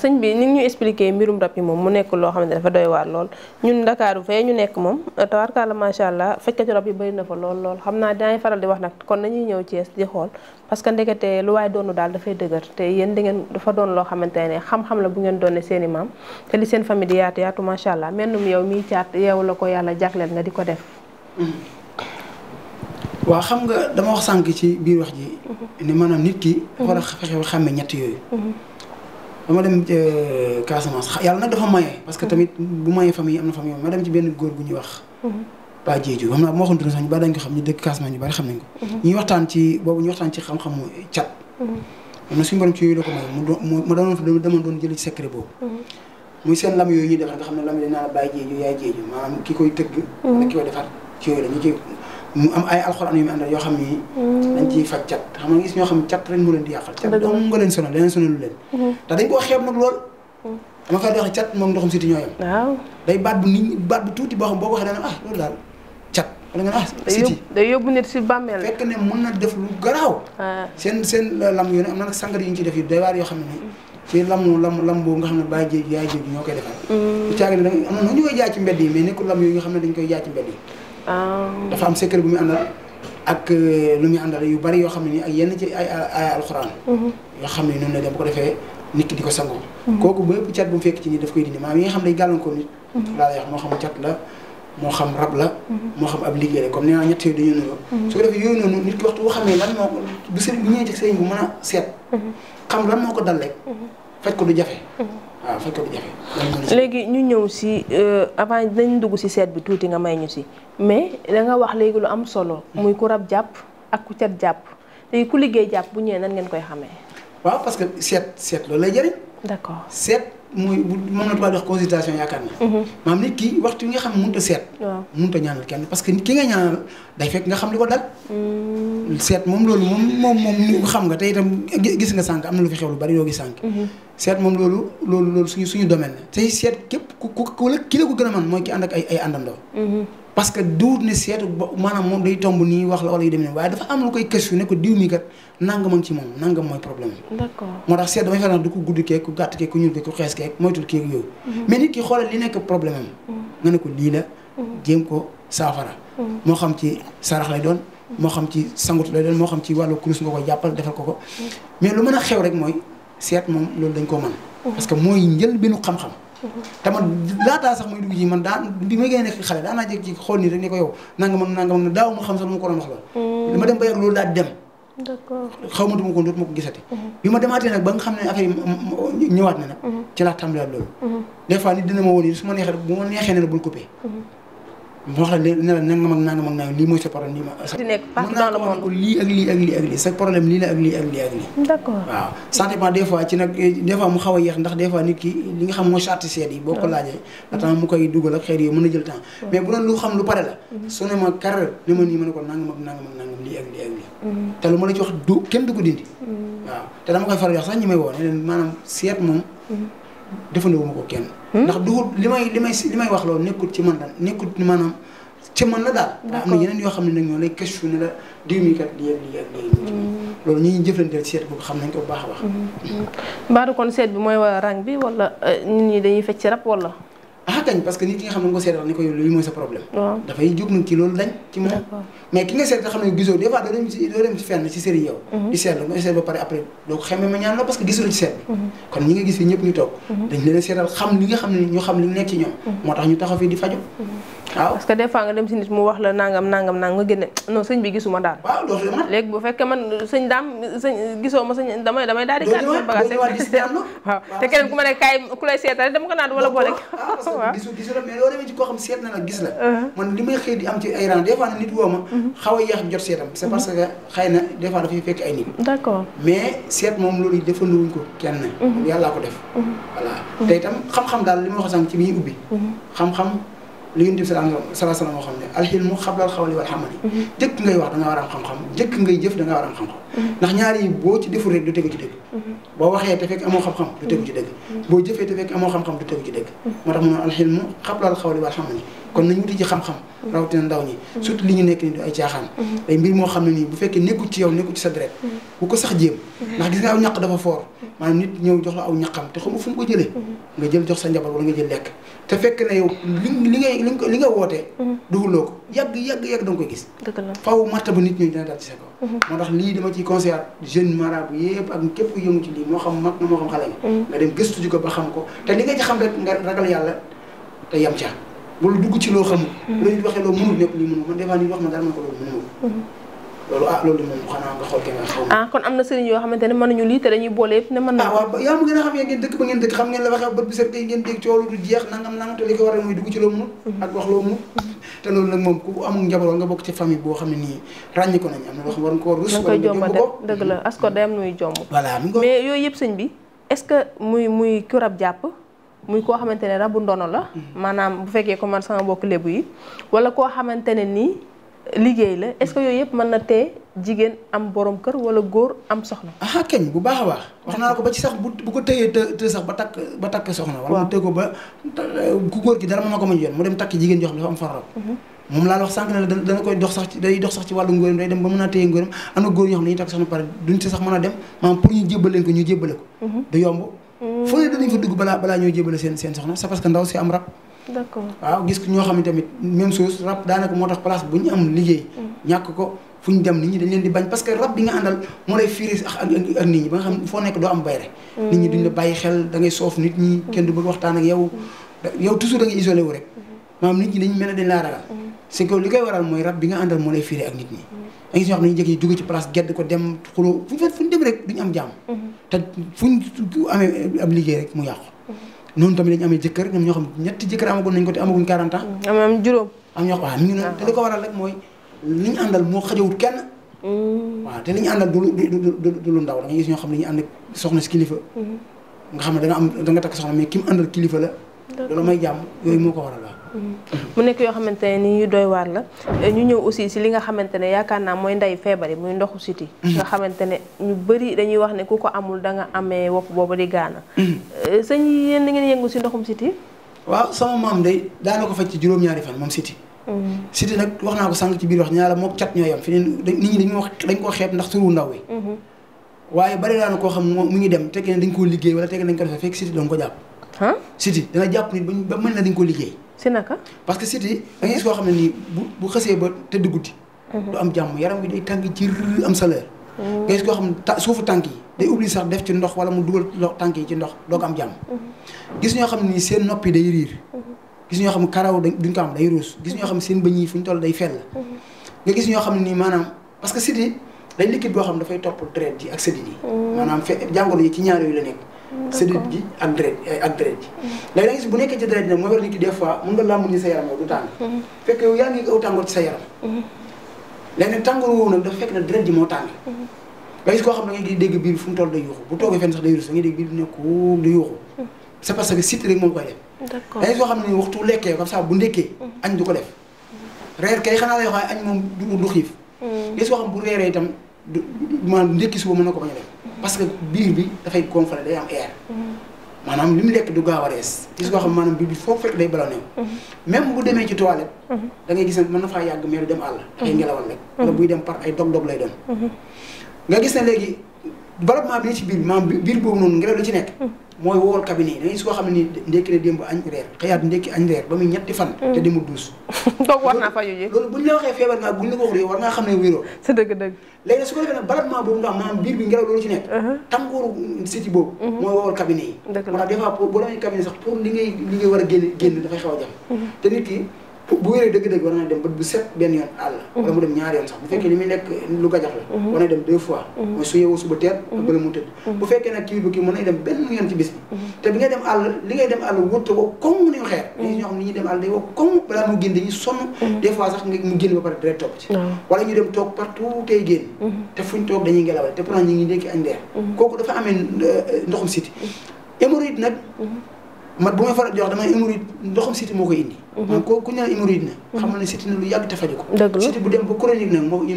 sëñ bi ni ñu expliqué mbirum rab yi moom mu nekk loo xam ne dafa doy waar lool ñun Ndakaaru fee ñu nekk moom tawarkaala macha allah fajkatu rab yi bëri na fa lool lool xam naa dinañ faral di wax nag kon nañuy ñëw Thiès di xool parce que ndekete lu waaye doonu daal dafay dëgër te yéen da ngeen dafa doon loo xamante ne xam-xam la bu ngeen doone seen i maam te li seen famille di yaatu yaatu macha allah mennum yow miy caat yow la ko yàlla jagleel nga di ko def waaw xam nga dama wax sànq ci wax ji mhm. ni maanaam nit ki war yooyu mhm. dama dem Casamance yàlla nag dafa maye. parce que mhm. tamit bu maye famille am na famille ma dem ci benn góor gu ñuy wax. Mhm. Ba Diédhiou xam bu ñu bari dañ ko xam ñu dëkk Casamance ñu bari xam nañ ko. Mhm. ñuy ñu waxtaan ci xam-xamu cat. am na suñu borom ci yooyu la ko maye mu ma dama doon jëli ci secret boobu. muy seen lam yooyu ñuy defar nga xam ne lam yi dañ naan Ba Diédhiou yaay ki koy tëgg. ak ki koy defar ci yooyu la ñu mu am ay alxuraan yu mu àndal yoo xam ni. Mm. dañ ciy faj cat xam gis ñoo xam cat ren mu leen di yàqal. cat dong nga leen sonal leneen sonalu leen. Mm-hmm. ndax dañ koo xeeb nag lool. Mm. dama fay wax siti ñoo day baat bu baat tuuti boo xam boo ko waxee da nga ah loolu daal cat. Ah, day yóbbu nit si bàmmeel. fekk ne mën na def lu garaaw. Ah. seen seen lam yu ne am na nag sangar yu ñu ciy def yu day waar yoo xam ne. ci lam lam lam boobu nga xam ne bàyyi jéeg yaay jéeg ñoo koy defal. Mm. bu caagin da nga am na ñu koy jaay ci mbedd yi mais nekkul lam yooyu nga xam ne dañ koy jaay ci mbedd yi Ah. dafa am secret bu muy àndal ak euh, lu muy àndal yu bari yoo xam ne nii ak yenn ci ay ay alxuraan. Mhm. yoo xam ne noonu la dem bu ko defee nit ki di ko sangoo. Mhm. kooku bépp cat bu mu fekk ci nit daf koy dindi maanaam yi nga xam ne gàllankoor nit. Mhm. laa moo xam cat la moo xam rab la. moo xam ab liggéey la comme nee naa ñett yooyu dañoo ko nit ki waxtu boo xam ne lan moo ko bu sëriñ bu ñëwee ci sëriñ bu mën seet. xam lan moo ko dal rek. faj ko du jafe. waaw ah, fekk ñu ñëw si euh, avant dañ dugg si set bi tuuti nga may ñu si mais da nga wax lu am solo. muy ku rab jàpp ak ku cat jàpp léegi ku liggéey jàpp bu ñëwee nan ngeen koy xamee. waaw parce que seet Set, lo lay jëriñ. d'accord seet muy moom consultation mhm. maam nit ki waxtu yi nga xam mënut a seet. waaw mënut ñaanal kenn parce que ki nga ñaanal day fekk nga xam li ko dal. Mm. seet moom loolu moom moom moom xam nga te itam gis nga sànq lu fi xew lu bari yoo gi sànq. Mhm. seet moom loolu loolu loolu suñu suñu domaine la tey seet képp ku ku la ki la ko gën a mën mooy ki ànd ak ay ay àndandoo. Mm-hmm. parce que duut ne seetu ba maanaam moom day tomb nii wax la wala yu demee nii waaye dafa ko diw mi kat nangam ak ci moom nangam mooy problème moo tax seet damay faral di ko gudd keeg ku gàtt keeg ku ñuul keeg ku xees keeg moytul keeg yooyu. Mm-hmm. mais nit ki xoolal li nekk problème mm-hmm. nga ne ko lii la. jéem ko saafara. moo xam ci sarax lay doon. moo xam ci sangut lay doon moo xam ci wàllu kurus nga ko jàppal defal ko ko. mais lu mën a rek mooy seet moom loolu dañ koo mën. parce que mooy njëlbéenu xam-xam. te man laataa sax muy dugg ci man daan bi ma gën a xale daanaa jékki ci xool nii rek ne ko yow nangamam nangamam ne daaw ma xam sax lu ma ko doon wax loolu. Mm. dama dem ba yàgg loolu daal dem. d'accord xaw ma duma ko ko gisati. Mm-hmm. bi ma demaatee nag ba nga xam ne affaire ñëwaat na nag. Mm-hmm. ci laa tàmbaliwaat loolu. Mm-hmm. des nit dina ma wóor yi su ma neexee bu ma neexee ne la bul coupé. moo xam ne nee na nga mag naa mag naa lii mooy sa problème lii ma. di lii ak lii ak lii ak a a jël mhm. lu ma ne ci wax du kenn du dindi. Mhm. waaw te dama koy faral di sax ñi may woo maanaam seet moom. Mhm. defandoo ma ko kenn. Hmm? ndax dugub li may li may li may wax loolu nekkul ci man la nekkut maanaam ci man la daal. d'accord yoo xam ne nag ñoo lay questionné la diw mi kat lii ak lii ak lii. Hmm. loolu ñi ñuy jëflanteel seet boobu xam nañ ko bu baax a baax. Hmm. Mbadou kon seet bi mooy wala rang bi wala euh, nit ñi dañuy fecc rab wala. ah kañ parce que nit ki nga xam ne nga ko seetal ni ko yow lii mooy sa problème. waaw dafay jóg nag ci loolu dañ ci moom. mais ki nga sét nga xam ne gisoo des fois doo dem ci do dem ci fenn ci sëriñ yow. Mhm. di sétlu nga sét ba paré après do ko ma ñaan la parce que gisoo ci sét mhm. kon ñi nga gissé ñepp ñu tok mhm. dañ leen sétal xam li nga xamné ñu xam li nekk ci ñom motax ñu taxaw fi di faju waaw parce que des fois nga dem ci nit mu wax la nangam nangam nang nga génne non sëñ bi gissuma daal. waaw do demaat lég bu fekké man sëñ dam sëñ gisoo ma sëñ damay damay daal di. gatt sama bagage doo waaw té keneen ku ma ne kaay ku lay sétal dama ko naan wala bolé waaw parce que la mais do dem ci ko xam seet na la gis la. Uh-huh. man limay may di am ci ay rang des fois nit woo xaw a yéex jot seetam c'est parce que xëy na des fois dafay fekk ay nit d'accord mais seet moom loolu yi defanduwuñ ko kenn mhm. yàllaa ko def mhm. voilà te itam xam-xam daal li ma wax sànq ci bi ñuy ubbi mhm. xam-xam li ngeen di salaam salaam moo xam ne alxilmu xablal xawli wal xamali jëkk ngay wax da nga war a am xam-xam jëkk ngay jëf da nga war a am xam-xam ndax ñaar yi boo ci deful rek du tegu ci dëgg boo waxee te fekk amoo xam-xam du tegu ci dëgg boo jëfee te fekk amoo xam-xam du tegu ci dëgg moo tax mu ne alxilmu xablal xawli wal xamali kon nañ wuti ji xam-xam mm-hmm. rawatina ndaw ñi mm-hmm. surtout li ñu nekk nii du ay caaxaan mm-hmm. ay mbir moo xam ne nii bu fekkee nekkul ci yow nekkul ci sa deret bu ko sax jéem ndax gis nga aw ñaq nit ñëw jox la aw ñaqam te xamu fu mu ko jëlee nga jël jox sa njaboot wala nga jël lekk te fekk na yow li li ngay li nga wootee dugaloo ko yàgg yàgg yàgg gis faw martaba nit ñooñu dina daal ci sa kaw moo tax lii dama ciy conseillé jeune marabu yëpp ak képp ku ci lii moo xam mag na moo xam xale nga dem gëstu ji ko ba xam ko te li nga xam rek nga ragal yàlla te yam ca wala dugg ci loo xam. Mm-hmm. loolu nekk ko loolu mënul. Mm-hmm. loolu ah loolu moom xanaa ah, na sëriñ yoo xamante ne mënuñu lii te dañuy boole yëpp ne mën na. ah waaw yaa ma gën a ba ngeen dëkk xam ngeen la waxee bët bi set tey ngeen dégg coow du jeex nangam nangam dugg ci loo mënul. Mm-hmm. ak wax loo mënul. te loolu nag moom ku amul njaboot nga bokk ci famille boo xam ne nii ràññi ko nañ am na loo xam war nga koo rus. wala nga dëgg la as ko day am jomb. mais yooyu yëpp sëñ bi est-ce que muy muy kurab jàpp muy koo xamante ne rabu ndono la maanaam bu fekkee comme man sama mbokk lébu yi wala koo xamante ne nii liggéey la est-ce que yooyu yëpp mën na tee jigéen am borom kër wala góor am soxna. ah keñ bu baax a baax. wax naa ko ba ci sax bu bu ko téyee sax ba takk ba takk soxna. wala bu téye ko ba ku góor gi dara mën ko mën yoon mu dem takk jigéen joo xam dafa am faram. Mhm. moom laa wax sànq ne dana koy dox sax ci day dox sax ci wàllu ngóoram day dem ba mën a téye ngóoram am na góor ñoo xam ne dañuy takk soxna pare duñ ci sax mën a dem maanaam pour ñu jébbal ko ñu jébbale ko. Mhm. du yomb. fu ne danañ ñoo jébale seen seen soxna c'est parce que ndaw ñoo xam ne tamit même chose rab daanaka moo tax place bu ñu am liggéey. Mm. ñàkk ko fu ñu dem nit ñi dañ leen di bañ parce que rab bi nga àndal moo lay fiiri ak ak foo nekk doo am bayre mm. nit ñi duñ la bàyyi xel da ngay soof nit ñi. kenn du bëgg waxtaan ak yow mm. yow toujours da ngay wu rek. maanaam nit ñi dañ mel na dañ laa ragal mm. c'est que li koy waral mooy rab bi nga àndal moo lay fiire ak nit ñi mm. da ngay gis ñoo xam ne ñu ko dem xuloo rek duñu am jàmm mm-hmm. te fuñ amee ab liggéey rek mu yàqu mm-hmm. noonu tamit dañu amee jëkkër ñoom ñoo xam ñetti jëkkër amaguñ nañ ko te amaguñ 40 ans mm-hmm. am juróom am ñoo xam waaw mi ah. ngi ñu àndal moo xajawut kenn mm. waaw te li ñu àndal du du lu ndaw da nga gis ñoo xam ne ñu ànd ak soxna si kilifa nga xam ne da am da nga takk soxna mais ki mu àndal kilifa la a may jàmm yooyu moo ko waral mu nekk yoo xamante ne ni ñu doy waar la ñu ñëw aussi si li nga xamante ne yaakaar naa mooy nday feebar yi muy ndoxu siti nga xamante ne ñu bëri dañuy wax ne ku ko amul da nga amee wopp boobu di gaana sëñ yéen da ngeen yëngu si ndoxum siti waaw sama maam day daana ko ci juróom-ñaari fan moom siti siti nag wax naa ko sànq ci biir wax ñaar mook cat ñoo yam fi ne nit ñi dañu ndax turu ndaw wi mhm. waaye bari daana koo xam mu ngi dem tekkee ne dañ koo liggéey wala tekkee ne dañ ko defee fekk siti doon ko jàpp siti dana jàpp nit ba mën na dañ ko liggéey si naka. parce que Sidi da ngay gis koo xam ne nii bu bu xasee ba tëdd guddi. Mhm. du am jàmm yaram wi day tàng ci am salaire. Mhm. nga gis koo xam ne suufu tànk yi day obligé sax def ci ndox wala mu dugal loxo tànk yi ci ndox doo ko am jàmm. Mhm. gis ñoo xam ne nii seen noppi day riir. gis ñoo xam ne karaw duñ ko am day ruus gis ñoo xam ne seen bëñ yi fu ñu toll day fell. nga gis ñoo xam ne nii maanaam parce que Sidi day liquide boo xam dafay topp deret ji ak sédit yi. maanaam fe yi ci ñaar yooyu la nekk. sëriñ gi ak deret ak deret ji léegi da gis bu nekkee ci deret nag moo war nit ki des fois mun nga làmb ni sa yaram yow du tàng mm. fekk yaa ngi aw tàngoor sa yaram mm. léegi nag tàngoor mm. nekk day yuuxu c'est parce que site rek moom koy def da ngay soo xam ne waxtu lekkee comme ça bu ndekkee añ du ko def reer kay xanaa lay wax añ moom du xiif gis koo xam bu reeree itam du maanaam ndekki suba mën na ko bañ a parce que biir bi dafay gonfler day am air. Mm-hmm. maanaam li mu lekk du gaaw a rees. gis nga maanaam biir bi foo fekk day ballonné mm-hmm. même bu demee ci toilette. Mm-hmm. da ngay gis ne mën na faa yàgg mais du dem àll. dafay ngelawal rek. wala buy dem par ay dog-dog lay doon. nga gis ne léegi développement bi ci biir maanaam biir boobu noonu ngelaw li ci nekk. mooy wowal cabinet yi dañuy soo xam ne nii ndekki na démb añ reer xëyaat ndekki añ reer ba muy ñetti fan. te mm. demul duus. donc war naa fa yooyu loolu bu ñu la waxee feebar nga bu ñu ne wéeroo. sa dëgg dëgg. léegi xam biir bi ngelaw loolu ci nekk. Uh-huh. tàngooru siti boobu. Mm-hmm. mooy wowal cabinet yi. dëgg la moo tax des fois boo demee cabinet sax pour li ngay li ngay war a génn génn dafay xaw a jafe. Mm-hmm. te nit ki bu wéree dëgg-dëgg war na dem bu set benn yoon àll wala mu dem ñaari yoon sax bu fekkee li muy nekk lu gajax la war na dem deux fois mooy su yeewoo suba teel bala mu dem benn yoon ci bis bi te bi ngay dem àll li ngay dem àll wóorta ko komm nañu ne ñuy dem àll ñu dem toog partout tey génn te fuñ toog dañuy ngelawal te pourtant ñu ngi ndékki añ ndeer kooku dafa amee euh, ndoxum siti hémorroïde nag man bu may faral di wax damay hémorroïde ndoxam siti moo koy indi. man mhm. ko ku ñu naan hémorroïde mhm. na. xam ne siti na lu yàgg te faju ko. siti bu dem ba chronique mhm. nit.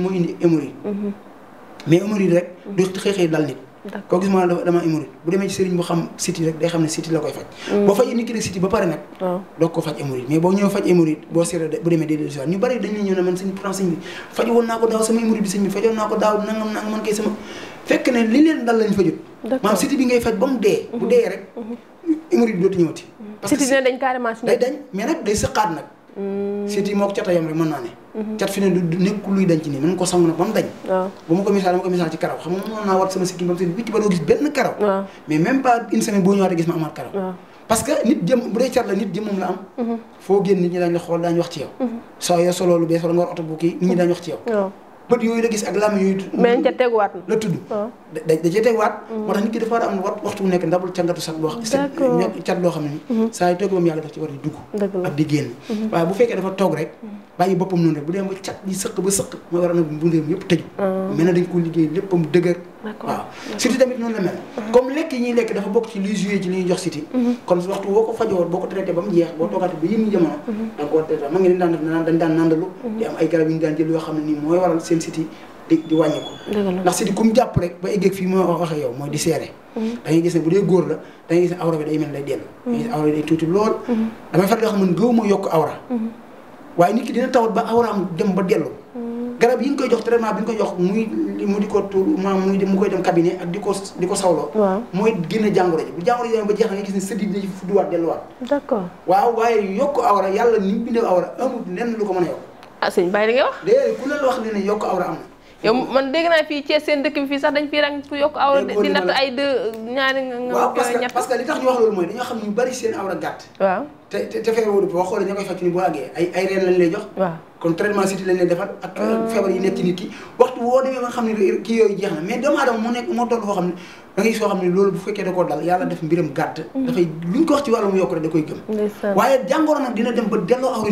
ma dama la koy faj nag man kay sama fekk ne li leen dal lañ fa jot siti bi ngay faj ba mu dee bu dee rek hémorroïde dootu ñëwati. siti que si dañ carrément day dañ mais nag day sëqaat nag. Hmm. sit yi moo ko cata yam rek mën naa ne hmm. cat fi ne du nekk luy dañ ci nii mën ko sangu nag ba mu dañ ba ko misaal dama ko misaal ci karaw xam nga wat sama sikkim ba mu set ba doo gis benn karaw mais même pas une semaine boo ñëwaatee gis ma amaat karaw parce que nit dem bu dee cat la nit mom la am hmm. fo génn nit ñi dañ la xol dañ wax ci yow soo yoo soloolu bees wala nga war bu ki nit ñi dañ wax ci yow bët yooyu la gis ak làmm yooyu. mais la tudd. Ah. da da cee teguwaat. Mm. moo tax nit ki dafa war a am waxtu bu nekk ndabul cangatu sax boo xam. cat loo xam ne. Mm-hmm. saa yu toogee moom yàlla daf ci war a dugg. ak di génn. Mm-hmm. waaye bu fekkee dafa toog rek. Mm. bàyyi boppam noonu rek bu dee ba cat yi sëq ba sëq. mooy waral na bu réew mi yëpp tëju. Ah. mel na dañ ko liggéey léppam dëgër. waaw Siti tamit noonu la mel. Mhm. comme lekk yi ñuy lekk dafa bokk ci luy joué ci li ñuy jox Siti. Mhm. kon waxtu boo ko fajowoon boo ko traité ba mu jeex boo toogaatee ba yëngu jamono. Mhm. da nga ko war a traité ma ngeen daan def dañ daan nandalu. di am ay garab yu ñu jël nii mooy waral seen Siti di di wàññi ndax Siti ku jàpp rek ba eggeeg fii moo wax ak yow mooy di seere. da ngay gis ne bu dee góor la da ngay gis ne awra bi day mel dellu. da ngay gis awra bi day tuuti lool. damay faral di man gëw yokk awra. waaye nit ki dina tawat ba awraam dem garab yi nga koy jox traitement bi nga koy jox muy mu di ko tur maanaam muy mu koy dem cabinet ak di ko di ko sawloo. waaw mooy génne jàngoro ji waaw waaye yokk awra yàlla ni mu a da ah, ngay wax. déedéet ku ne awra am na. yow man dégg naa fii Thiès seen dëkk bi fii sax dañ fi rang ku yokk awra di natt ay deux ñaari nga nga waaw parce que parce li tax ñu wax loolu mooy dañoo xam ñu bari seen awra gàtt. waaw te te te feebaru boo xoolee ña koy faj ni boo àggee ay reen lañ lay jox. waaw kon traitement cité lañ leen defal ak feebar yi nekk ci nit ki waxtu woo demee nga xam ne kii yooyu jeex na mais doomu aadama moo nekk moo toll foo xam ne da ngay soo xam ne loolu bu fekkee da mm. koy gëm waaye jàngoro nag dina dem ba delloo awra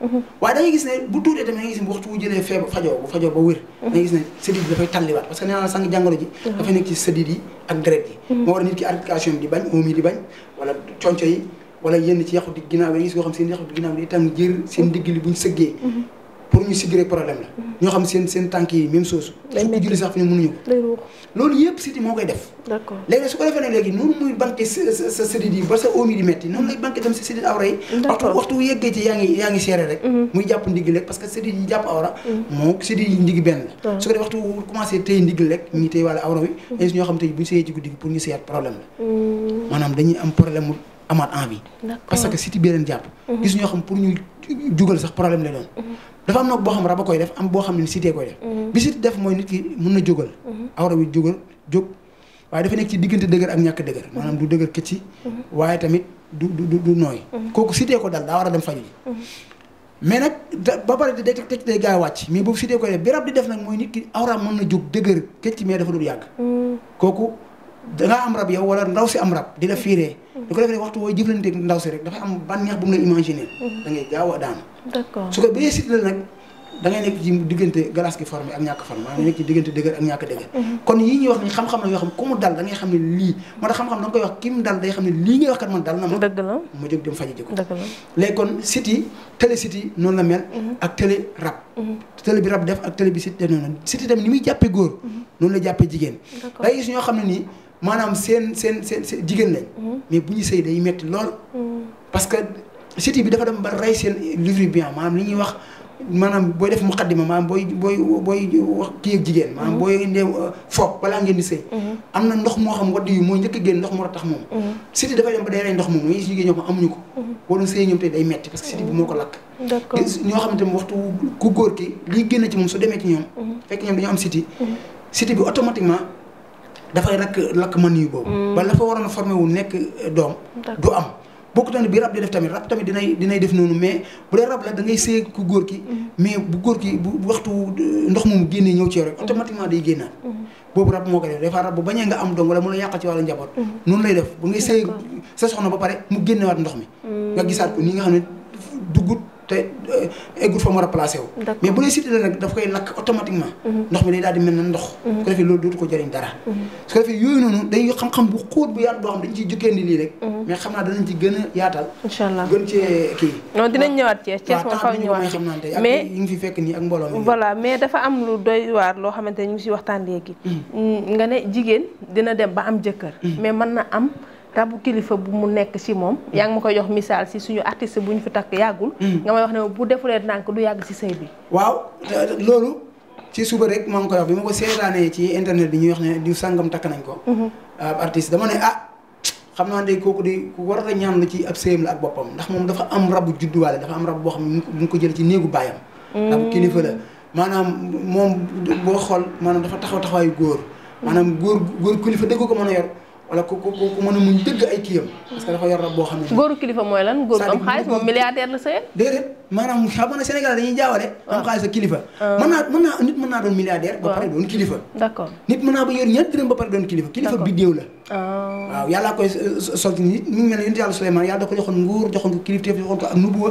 mm-hmm. gis ne bu tuutee tamit da ngay gis ne waxtu wu jëlee feebar fajoo bu fajoo ba wér mm-hmm. da ngay gis ne sëdit yi dafay parce que nee naa la jàngoro ji mm-hmm. dafay nekk ci sëdit yi ak deret yi moo war nit ki articulation di bañ moom yi di bañ wala conco yi wala yenn ci yàqu di ginnaaw yi gis yoo xam seen yàqu di ginnaaw yi itam jër seen digg li bu ñu sëggee mhm. pour ñu sigg rek problème la mhm. ñoo xam seen seen tànk yi même chose suñu julli sax fi ñu mënuñu ko loolu yëpp siti moo koy def d'accord léegi su ko defee ne léegi noonu muy banque sa sidit yi ba sa oom yi di metti noonu lay banque tam sa sidit awra yi waxtu waxtu yeggee ci yaa ngi yaa ngi seere rek mhm. muy jàpp ndigg rek parce que sidit yi jàpp awra moo sidit yi ndigg benn la su ko defee waxtu commencé téy ndigg rek ñuy téy wàlla awra wi dañ su ñoo xam tey bu ñu sëyee ci guddi pour ñu sëyaat problème la maanaam dañuy am problème amaat envie. parce que siti bee leen jàpp. gis ñoo xam pour ñu jugal sax problème la doon. Mhm. dafa am nag boo xam rab a koy def am boo xam ne sitee koy def. Mhm. bi siti def mooy nit ki mun na jógal. Mhm. awra bi jógal jóg waaye dafa nekk ci diggante dëgër ak ñàkk dëgër maanaam du dëgër këcci. waaye tamit du du du nooy. kooku sitee ko dal daa war a dem faju ji. mais nag ba pare da teg day gaa wàcc mais boobu sitee koy def bi rab di def nag mooy nit ki awra mën na jóg dëgër këcci mais dafa dul yàgg. kooku. dangaa am rab yow wala ndaw si am rab di la fiiree. di ko defee waxtu wooy jëflanteeg ndaw si rek dafay am bànneex bu mu la imaginer. da ngay a daanu. d'accord su ko bee sit la da ngay nekk ci diggante glace gi formé ak ñàkk formé maanaam nekk ci diggante dëgër ak ñàkk dëgër. Mhm. kon yii ñuy wax ni xam-xam la yoo da ngay xam da nga koy wax ki mu dal na mel. Mhm. ak télé rab. Mhm. télé bi rab def ak télé bi sit def noonu ni muy jàppee góor noonu la jàppee jigéen. day gis ñoo xam ne nii maanaam seen seen seen seen jigéen lañ. Mm-hmm. mais bu ñu sëy day metti lool. Mm-hmm. parce que siti bi dafa dem ba rey seen livre bien maanaam li ñuy wax maanaam booy def muqaddima maanaam booy booy booy wax kii ak jigéen. maanaam mm-hmm. booy indee euh, foog balaa ngeen di sëy. am na ndox moo xam wadd yu mooy njëkk a génn ndox moo tax moom. siti dafay dem ba day rey ndox moom mooy jigéen ñoo xam amuñu ko. boo ñoom tey day metti parce que siti bi moo ko lakk. d'accord ñoo xam ne waxtu ku góor ki li génn ci moom su demee ci ñoom. fekk ñoom dañoo am siti siti bi dafay lakk lakk mënuyu boobu. ba mm. la fa waroon a formé wu nekk euh, doom. du am bokk tamit bi rab di def tamit rab tamit dinay dinay def noonu mais bu dee rab la da ngay séy ku góor ki. Mm. mais bu góor ki bu waxtu euh, ndox moomu génnee ñëw ci yow rek mm. automatiquement day génnaat. boobu rab moo koy def des fois rab bu bañee nga am doom wala mu la yàqal ci wàllu njaboot. noonu lay def bu ngay séy sa soxna ba pare mu génnewaat ndox mi. nga gisaat ko ni nga xam ne duggut. te eh, eggul fa mu war a placé wu mais bu lay cité nag daf koy lakk automatiquement mhm. ndox mi day daal di mel na ndox mhm. su ko defee loolu dootu ko jëriñ dara mhm. su ko defee yooyu noonu day xam-xam bu xóot bu yaatu boo xam dañ ciy jukkee ni lii rek mais xam naa danañ ci gën a yaatal incha allah gën dinañ ñëwaat ci Thiès moom xaw ñu wax mais yi ngi fi fekk nii ak mbooloo mi voilà mais dafa am lu doy waar loo xamante ne ñu ngi si waxtaan léegi mm. Mm, nga ne jigéen dina dem ba am jëkkër mm. mais mën na am tabu kilifa bu mu nekk ci moom yaa ngi ma koy jox misaal si suñu artiste bu ñu fi takk yàggul mm. nga may wax ne bu defulee ndànk du yàgg ci sëy bi waaw loolu ci suba rek maa ngi koy wax bi ma ko seetaanee ci internet bi ñuy wax ne diw sàngam takk nañ ko mm-hmm. ab dama ne ah xam naa ne kooku de ku war a ñaan la ci ab sëyam la ak boppam ndax moom dafa am rabu judduwaale dafa am rab boo xam ne mu ngi ko jël ci néegu baayam rabu mm. kilifa la maanaam moom boo xool maanaam dafa taxaw taxawaayu góor maanaam góor góor kilifa ko mën a yor wala ku ku ku mën a muñ dëgg ay kiyam parce que dafa yor rab boo xam ne góoru kilifa mooy lan góoru am xaalis moom milliardaire la sëyal déedéet maanaam xam nga Sénégal dañuy jaawale ah. am xaalis ak kilifa ah. mën naa mën naa nit mën naa ba pare doon kilifa d'accord nit mën naa ko joxoon nguur joxoon ko kilifteef joxoon ko ak nubuwa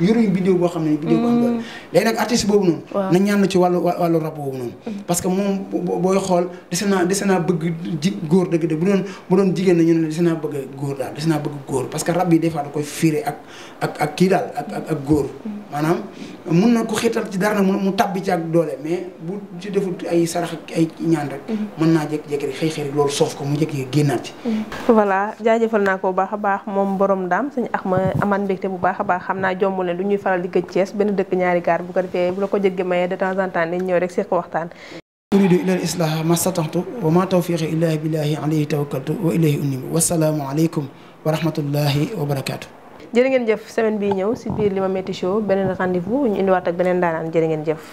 yoruñu vidéo boo xam ne vidéo boo xam ne léegi nag artiste boobu noonu na ñaan ci wàllu wàllu rab boobu noonu mm-hmm. parce que moom booy xool dese naa dese naa bëgg ji góor dëgg dëgg bu doon bu doon jigéen na ñu ne dese naa bëgg góor daal dese naa bëgg góor parce que rap bi des fois koy fiire ak ak ak kii daal ak ak ak góor mm-hmm. maanaam mun na ko xeetal ci dara nag mu tabbi ci ak doole mais bu ci deful ay sarax ay ñaan rek. Mhm. mën naa jékki-jékki rek xëy xëy loolu soof ko mu jékki génnaat ci. Mhm. voilà jaajëfal naa ko bu baax a baax moom borom daam suñu ax ma amaan mbégte bu baax a baax xam na jomb leen du ñuy faral di gëj Thiès benn dëkk ñaari gaar bu ko defee bu la ko jëggee mayee de temps en temps dañ ñëw rek seq waxtaan. uridu ila al islaah ma satantu wa ma tawfiqi illa billahi alayhi tawakkaltu wa ilayhi unibu jërë ngeen jëf semaine bii ñëw si biir Limametti Show beneen rendez-vous ñu indiwaat ak beneen daanaan jërë ngeen jëf.